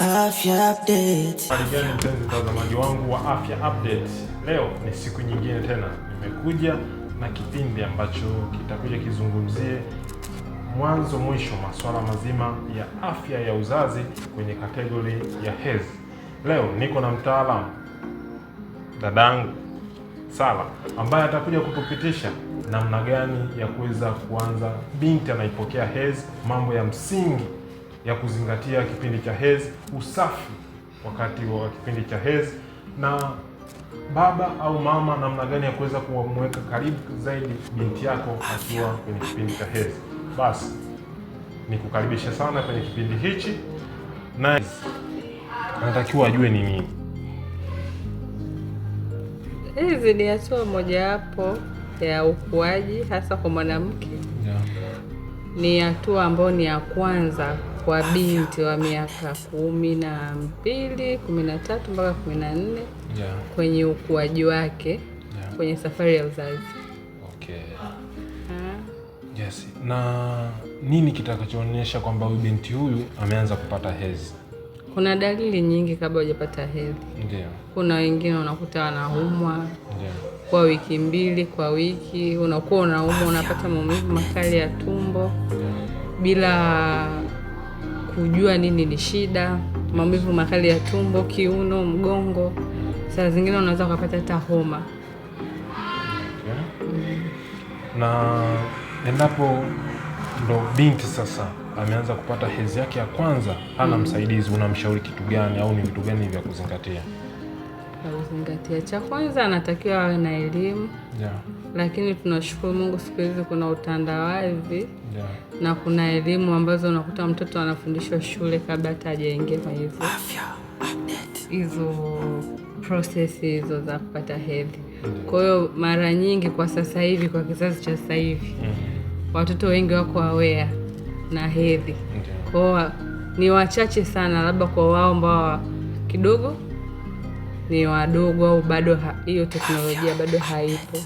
Afya mpenzi mtazamaji wangu wa Afya Update. Leo ni siku nyingine tena nimekuja na kipindi ambacho kitakuja kizungumzie mwanzo mwisho masuala mazima ya afya ya uzazi kwenye kategori ya hezi Leo niko na mtaalamu dadangu Sala ambaye atakuja kutupitisha namna gani ya kuweza kuanza binti anaipokea hezi mambo ya msingi ya kuzingatia kipindi cha hedhi, usafi wakati wa kipindi cha hedhi, na baba au mama, namna gani ya kuweza kumweka karibu zaidi binti yako akiwa kwenye kipindi cha hedhi. Basi nikukaribisha sana kwenye kipindi hichi, na anatakiwa ajue ni nini. Hizi ni hatua mojawapo ya ukuaji hasa kwa mwanamke, yeah. Ni hatua ambayo ni ya kwanza kwa binti wa miaka kumi na mbili kumi na tatu mpaka kumi na nne yeah. kwenye ukuaji wake yeah. kwenye safari ya uzazi okay. Ah. Yes. Na nini kitakachoonyesha kwamba huyu binti huyu ameanza kupata hezi Kuna dalili nyingi kabla hujapata hedhi. Kuna wengine unakuta wanaumwa kwa wiki mbili, kwa wiki unakuwa unaumwa, unapata maumivu makali ya tumbo Ndiyo. bila kujua nini ni shida, maumivu makali ya tumbo, kiuno, mgongo. Saa zingine unaweza ukapata hata homa okay. mm. na endapo ndo binti sasa ameanza kupata hezi yake ya kwanza, hana mm. msaidizi, unamshauri kitu gani au ni vitu gani vya kuzingatia? Vya kuzingatia, cha kwanza anatakiwa awe na elimu yeah lakini tunashukuru Mungu siku hizi kuna utandawazi yeah. na kuna elimu ambazo unakuta mtoto anafundishwa shule kabla hata hajaingia kwa hizo hizo prosesi hizo za kupata hedhi. Kwa hiyo mara nyingi kwa sasa hivi, kwa kizazi cha sasa hivi mm -hmm. watoto wengi wako aware na hedhi okay. Kwa ni wachache sana, labda kwa wao ambao kidogo ni wadogo au bado hiyo teknolojia bado haipo,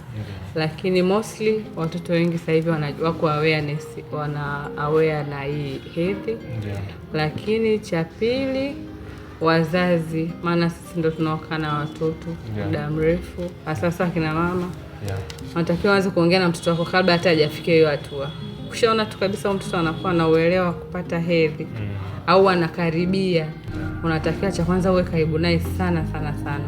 lakini mostly watoto wengi sasa hivi wako awareness, wana aware na hii hedhi. Lakini cha pili wazazi, maana sisi ndo tunaokaa na watoto muda mrefu, hasa akina mama wanatakiwa waanze kuongea na mtoto wako kabla hata hajafikia hiyo hatua ukishaona tu kabisa mtoto anakuwa na uelewa wa kupata hedhi mm. au anakaribia, unatakiwa cha kwanza uwe karibu naye sana sana sana.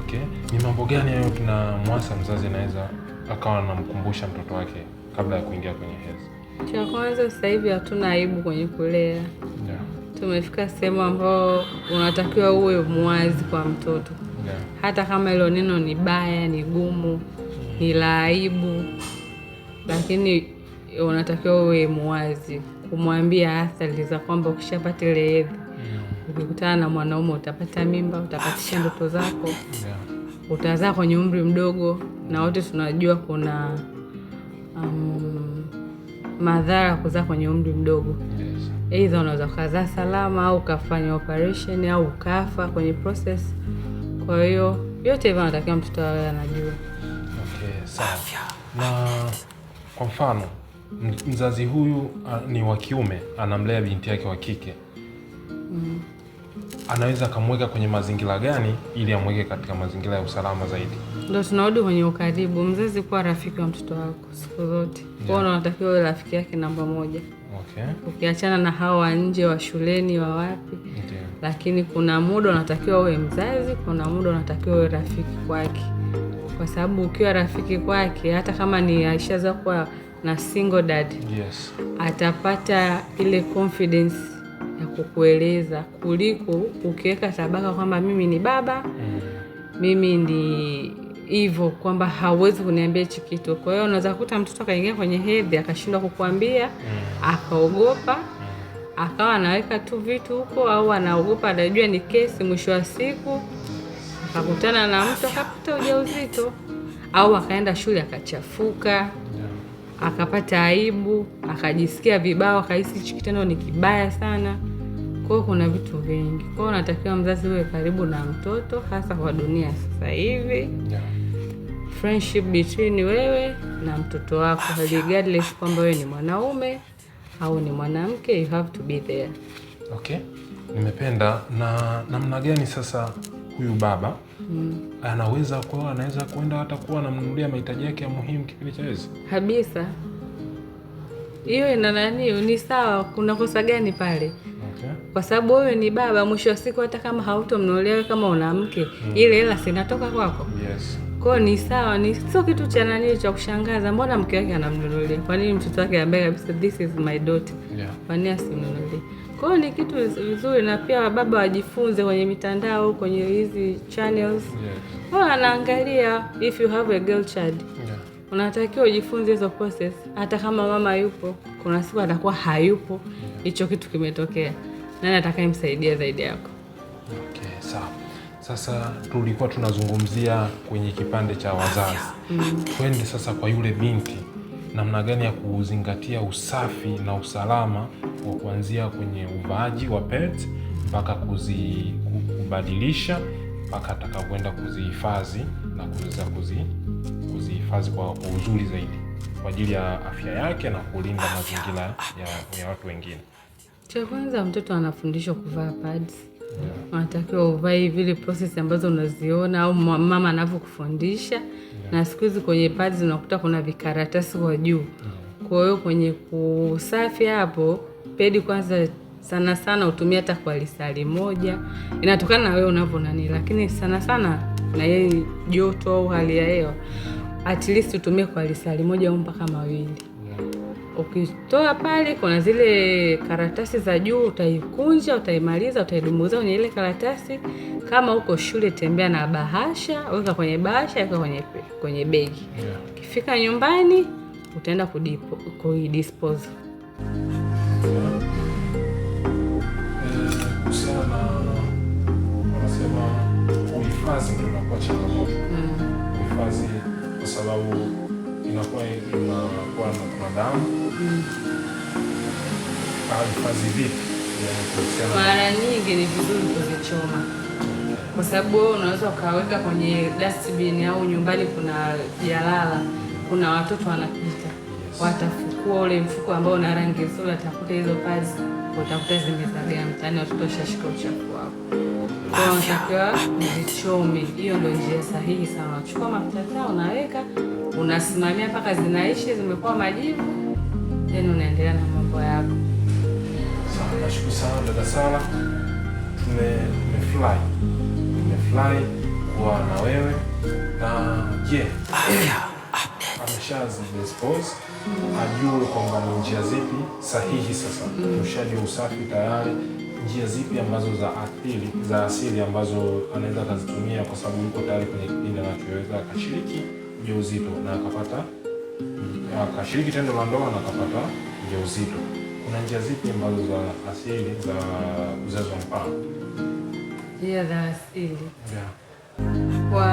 Okay, ni mambo gani hayo kina Mwasa mzazi anaweza akawa anamkumbusha mtoto wake kabla ya kuingia kwenye hedhi? Cha kwanza, sasa hivi hatuna aibu kwenye kulea yeah. Tumefika sehemu ambao unatakiwa uwe mwazi kwa mtoto yeah. Hata kama hilo neno ni baya, ni gumu, mm. ni la aibu, lakini unatakiwa uwe muwazi kumwambia athari za kwamba ukishapata ile hedhi yeah. Mm. ukikutana na mwanaume utapata mimba, utapatisha ah, ndoto zako yeah. utazaa kwenye umri mdogo, na wote tunajua kuna um, madhara ya kuzaa kwenye umri mdogo yes. Aidha unaweza ukazaa salama au ukafanya operation au ukafa kwenye process. Kwa hiyo yote hivyo anatakiwa mtoto awe anajua. Okay, Na kwa mfano mzazi huyu ni wa kiume anamlea binti yake wa kike mm. anaweza akamweka kwenye mazingira gani ili amweke katika mazingira ya usalama zaidi? ndo tunarudi kwenye ukaribu. Mzazi kuwa rafiki wa mtoto wako siku zote, yeah. unatakiwa uwe rafiki yake namba moja, okay. ukiachana na hao wa nje wa shuleni wa wapi, okay. lakini kuna muda unatakiwa uwe mzazi, kuna muda unatakiwa uwe rafiki kwake, kwa sababu ukiwa rafiki kwake hata kama ni aisha kuwa na single dad yes, atapata ile confidence ya kukueleza kuliko ukiweka tabaka kwamba mimi ni baba mm, mimi ni hivyo kwamba hauwezi kuniambia hichi kitu. Kwa hiyo unaweza kuta mtoto akaingia kwenye hedhi akashindwa kukuambia, mm. akaogopa, mm. akawa anaweka tu vitu huko, au anaogopa, anajua ni kesi. Mwisho wa siku akakutana na mtu akakuta ujauzito, au akaenda shule akachafuka akapata aibu, akajisikia vibaya, akahisi hichi kitendo ni kibaya sana. Kwa hiyo kuna vitu vingi, kwa hiyo unatakiwa mzazi uwe karibu na mtoto, hasa kwa dunia sasa hivi yeah. Friendship between wewe na mtoto wako regardless kwamba wewe ni mwanaume au ni mwanamke, you have to be there. Okay, nimependa. Na namna gani sasa huyu baba mm. anaweza kuwa anaweza kwenda hata kuwa anamnunulia mahitaji yake ya muhimu kipindi cha wezi kabisa. Hiyo ina nani, ni sawa, kuna kosa gani pale? Okay. Kwa sababu wewe ni baba, mwisho wa siku hata kama hautomnunulia kama una mke mm. ile hela sinatoka kwako. Yes. Kwa ni sawa, ni sio kitu cha nani cha kushangaza. Mbona mke wake anamnunulia? Kwa nini mtoto wake ambaye kabisa, this is my daughter, kwa nini asimnunulie? Kwa hiyo ni kitu vizuri, na pia wababa wajifunze kwenye mitandao, kwenye hizi channels wao, anaangalia if you have a girl child yeah. Unatakiwa ujifunze hizo process, hata kama mama yupo, kuna siku atakuwa hayupo, hicho yeah. kitu kimetokea, nani atakayemsaidia zaidi yako? Okay, sawa. Sasa tulikuwa tunazungumzia kwenye kipande cha wazazi, mm. twende sasa kwa yule binti namna gani ya kuzingatia usafi na usalama wa kuanzia kwenye uvaaji wa pet mpaka kuzi kubadilisha mpaka atakapoenda kuzihifadhi na kuweza kuzihifadhi kwa uzuri zaidi kwa ajili ya afya yake na kulinda mazingira ya, ya watu wengine. Cha kwanza mtoto anafundishwa kuvaa pads unatakiwa uvae vile process ambazo unaziona au mama anavyokufundisha. Na siku hizi kwenye pads unakuta kuna vikaratasi kwa juu, kwa hiyo kwenye kusafi hapo pedi kwanza sana sana hutumia hata kwa lisali moja, inatokana na wewe unavyo nani, lakini sana sana na yeye joto au hali ya hewa, at least utumie kwa lisali moja au mpaka mawili. Ukitoa pale, kuna zile karatasi za juu, utaikunja, utaimaliza, utaidumbuza kwenye ile karatasi. Kama uko shule, tembea na bahasha, weka kwenye bahasha, weka kwenye, kwenye begi yeah. Ukifika nyumbani, utaenda kuidispose eh, mm. kwa sababu inakuwa inakuwa na damu hifadhi vipi? Mara nyingi ni vizuri kuzichoma, kwa sababu wewe unaweza ukaweka kwenye dustbin au nyumbani kuna jalala, kuna watoto wanapita, watafukua ule mfuko ambao una rangi nzuri, atakuta hizo pazi, utakuta zimezagaa mtaani, watoto washashika uchafu wako. Unatakiwa uzichome. Hiyo ndio njia sahihi sana. Chukua mafuta yako unaweka unasimamia mpaka zinaishi zimekuwa majivu, then unaendelea na mambo yako. Nashukuru sana dada sana tumefurahi tumefurahi kuwa na wewe na je, ameshazi ajuu ajue kwamba ni njia zipi sahihi. Sasa tushajua usafi tayari, njia zipi ambazo za asili za asili ambazo anaweza akazitumia, kwa sababu yuko tayari kwenye kipindi anachoweza akashiriki ujauzito na akapata mm, akashiriki tendo la ndoa na akapata ujauzito, kuna njia zipi ambazo za asili za uzazi wa mpango? Njia za asili Kwa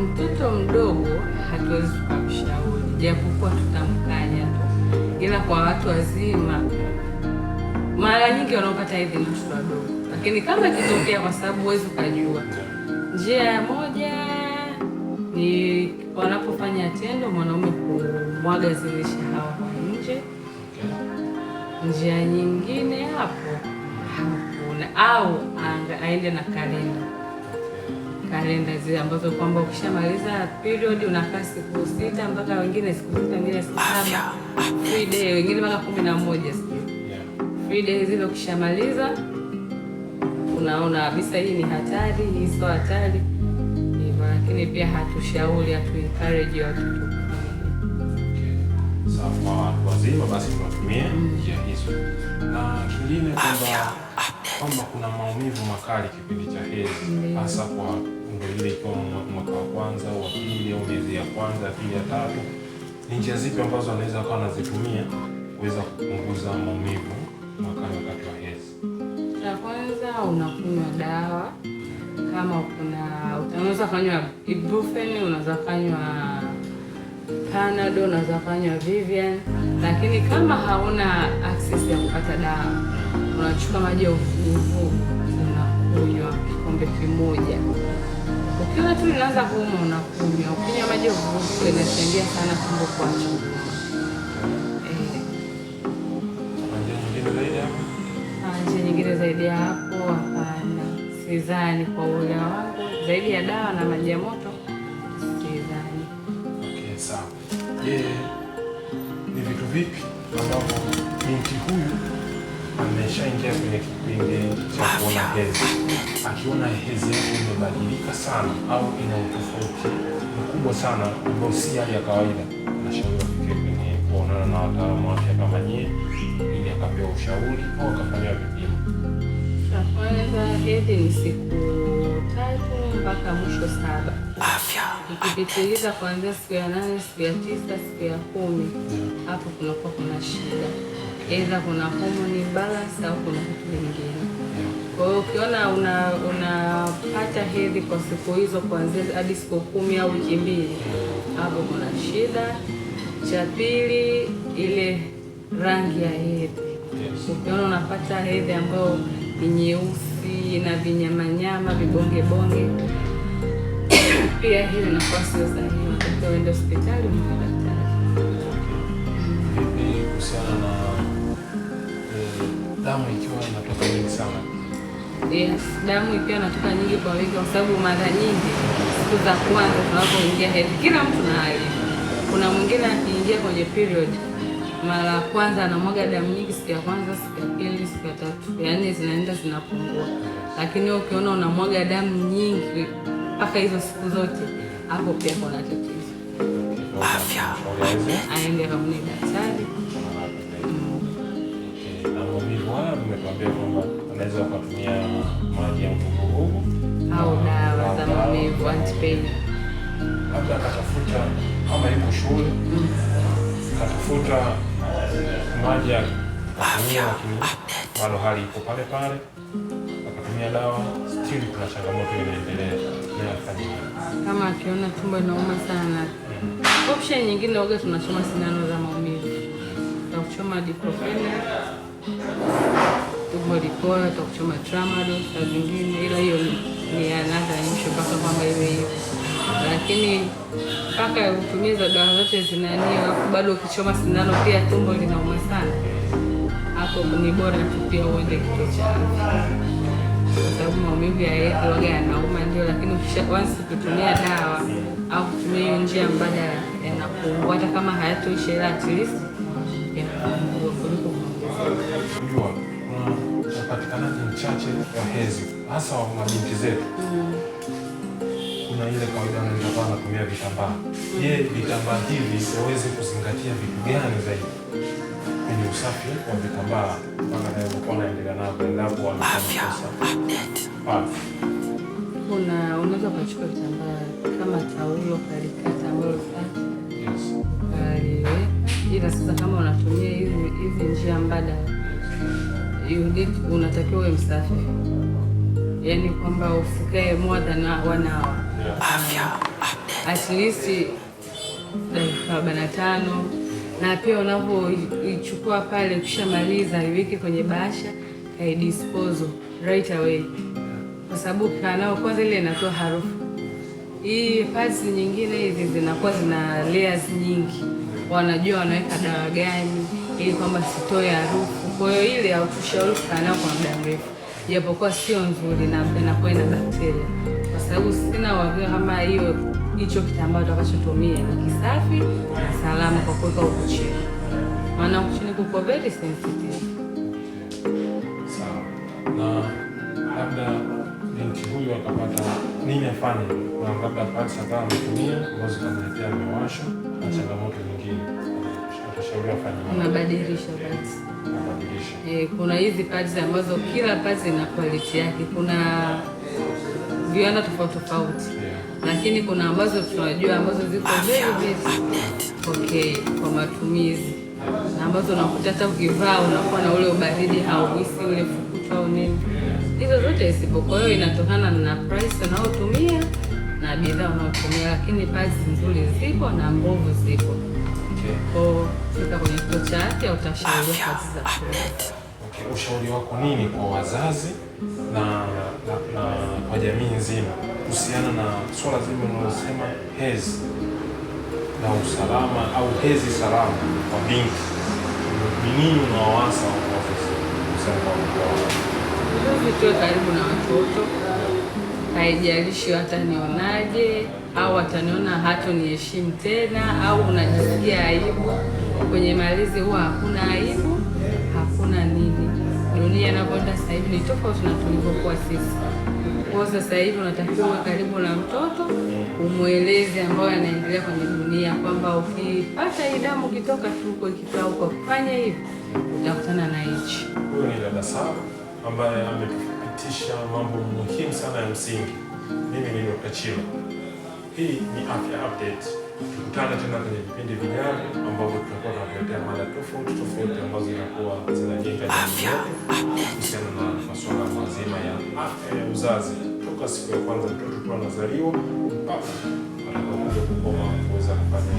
mtoto mdogo hatuwezi tukamshauri, japokuwa tutamkanya tu, ila kwa watu wazima mara nyingi wanaopata hivi ni watoto wadogo, lakini kama ikitokea, kwa sababu huwezi ukajua, njia ya moja ni wanapofanya tendo mwanaume kumwaga zile shahawa nje. Njia nyingine hapo hakuna, au aende na kalenda, kalenda zile ambazo kwamba ukishamaliza period unakaa siku sita mpaka wengine siku sita, wengine siku saba, free day, wengine mpaka kumi na moja free day zile. Ukishamaliza unaona kabisa hii ni hatari, hii sio hatari lakini pia hatushauri, hatu encourage watoto. Kwa watu wazima basi tunatumia mm. njia hizo, na kingine kwamba kuna maumivu makali kipindi cha hedhi, mm. hasa kwa ndoile ikiwa mwaka wa kwanza au wa pili au miezi ya kwanza ya pili ya tatu, ni njia zipi ambazo anaweza akawa anazitumia kuweza kupunguza maumivu makali wakati wa hedhi? La kwanza unakunywa dawa kama kuna unaweza kanywa ibuprofen, unaweza kanywa Panadol, unaweza kanywa Vivian, lakini kama hauna access ya kupata dawa, unachukua maji ya uvuguvugu unakunywa kikombe kimoja. ukiwa tu unaanza kuuma unakunywa. Ukinywa maji ya uvuguvugu inasaidia sana tumbo kuacha eh, anje nyingine zaidi ya hapo ah, Sidhani kwa uelewa wangu zaidi ya dawa na maji ya moto sidhani. Okay, sawa. Je, ni vitu vipi ambavyo binti huyu ameshaingia kwenye kipindi cha kuona hedhi? Akiona hedhi yake imebadilika sana au ina utofauti mkubwa sana ambao si hali ya kawaida, anashauriwa kufika kwenye kuonana na wataalamu wa kama nyie, ili akapewa ushauri au akafanyiwa vipimo kwanza hedhi ni siku tatu mpaka mwisho saba. Afya ikipitiliza kuanzia siku ya nane, siku ya tisa, siku ya kumi, hapo kunakuwa kuna shida, aidha kuna homoni balance au kuna vitu kingine. Kwa hiyo ukiona unapata hedhi kwa siku hizo kuanzia hadi siku kumi au wiki mbili, hapo kuna shida. Cha pili, ile rangi ya hedhi, ukiona unapata hedhi ambayo nyeusi na vinyamanyama vibongebonge pia hiyo inakuwa sio sahihi, unatakiwa uende hospitali kwa daktari. kuhusiana na eh, damu ikiwa inatoka nyingi sana? Yes, damu ikiwa inatoka nyingi kwa wingi, kwa sababu mara nyingi siku za kwanza tunapoingia hedhi, kila mtu na hali. Kuna mwingine akiingia kwenye period mara ya kwanza anamwaga damu nyingi siku ya kwanza, siku ya tatu, yaani zinaenda zinapungua. Lakini ukiona unamwaga damu nyingi mpaka hizo siku zote, hapo pia kuna tatizo. Afya aende kamni daktari au dawa za maumivu antipeni labda akatafuta, yuko shule mm. akatafuta maji akatumia bado hali iko pale pale, akatumia dawa stili, kuna changamoto inaendelea kama akiona tumbo inauma sana. Mm-hmm. Option nyingine waga tunachoma sindano za maumivu, takuchoma diclofenac, tumbo lipoa, takuchoma tramadol na zingine, ila hiyo ni anaza mwisho mpaka kwamba iwe hiyo, lakini mpaka utumie za dawa zote zinaniwa, bado ukichoma sindano pia tumbo linauma sana hapo ni bora tu pia uende kituo cha afya, kwa sababu maumivu ya yoga yanauma, ndio, lakini once kutumia dawa au kutumia hiyo njia mbadala yanapungua, hata kama hayatoishi, ila at least yanapungua kuliko upatikanaji mm, mchache wa hedhi hasa wa mabinti zetu mm. kuna ile kawaida anaitakaa anatumia vitambaa. Mm. Je, vitambaa hivi waweze kuzingatia vitu gani zaidi? usafi wa vitambaa unaweza ukachukua vitambaa kama taulo kalikata ambalo kaliweka, ila sasa kama unatumia hizi njia mbadala unatakiwa uwe msafi, yaani kwamba usikae more than one hour, at least dakika arobaini na tano na pia unavyoichukua pale, ukishamaliza iweke kwenye bahasha, kaidispose right away, kwa sababu ukikaa nao kwanza, ile inatoa harufu. Hii pads nyingine hizi zinakuwa zina layers nyingi, wanajua wanaweka dawa gani ili kwamba sitoe harufu. Kwa hiyo ile hautushauri kukaa kwa muda mrefu, japokuwa sio nzuri na inakuwa ina bakteria, kwa sababu sina uhakika kama hiyo hicho kitambaa utakachotumia ni kisafi na salama kwa kuweka huku chini, maana huku chini kuko very sensitive. Sawa. Na labda binti huyu akapata nini afanye, na labda pesa kama ametumia ambazo zikamletea mawasho na changamoto nyingine, utashauri afanye unabadilisha basi Eh, kuna hizi pads ambazo kila pads ina quality yake. Kuna viwanda tofauti tofauti Lakini kuna ambazo tunajua ambazo ziko okay kwa matumizi na ambazo unakuta hata ukivaa unakuwa na ule ubaridi hauhisi ule fukuta au nini, hizo zote zipo. Kwa hiyo inatokana na price unaotumia na bidhaa unaotumia, lakini pads nzuri zipo na mbovu zipo. Kwa fika kwenye kituo cha afya utashauriwa. Ushauri wako nini kwa wazazi na na, na kwa jamii nzima kuhusiana na swala zima unalosema hezi na usalama au hezi salama kwa binti, ni nini unawasa vituwe karibu na watoto, haijalishi watanionaje au wataniona hato heshimu tena au unajisikia aibu. Kwenye malezi huwa hakuna aibu dunia inavyoenda sasa hivi ni tofauti na tulivyokuwa sisi. Kwa sasa hivi unatakiwa karibu na mtoto, umweleze ambayo anaendelea kwenye dunia kwamba ukipata hii damu ukitoka tuko ikitoa kwa kufanya hivi utakutana na hichi. Huyu ni dada Saba ambaye amepitisha mambo muhimu sana ya msingi. Mimi ni Dr. Chilo. Hii ni Afya Update. Tutana tena kwenye vipindi vijavyo, ambavyo tutakuwa tunakuletea mada tofauti tofauti ambazo zinakuwa zinajenga kuhusiana na masuala mazima ya afya ya uzazi, toka siku ya kwanza mtoto tu anazaliwa mpaka anapokuja kukoma kuweza kufanya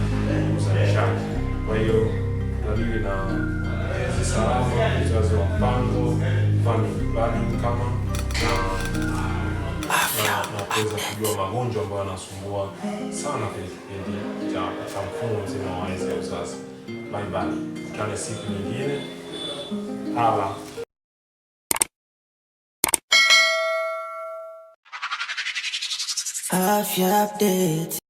uzalishaji. Kwa hiyo tutajadili na hedhi salama, uzazi wa mpango, family planning kama kuweza kujua magonjwa ambayo yanasumbua sana kwenye kipindi cha mfumo mzima wa hedhi ya uzazi. Bye bye, tukutane siku nyingine hala Afya Update.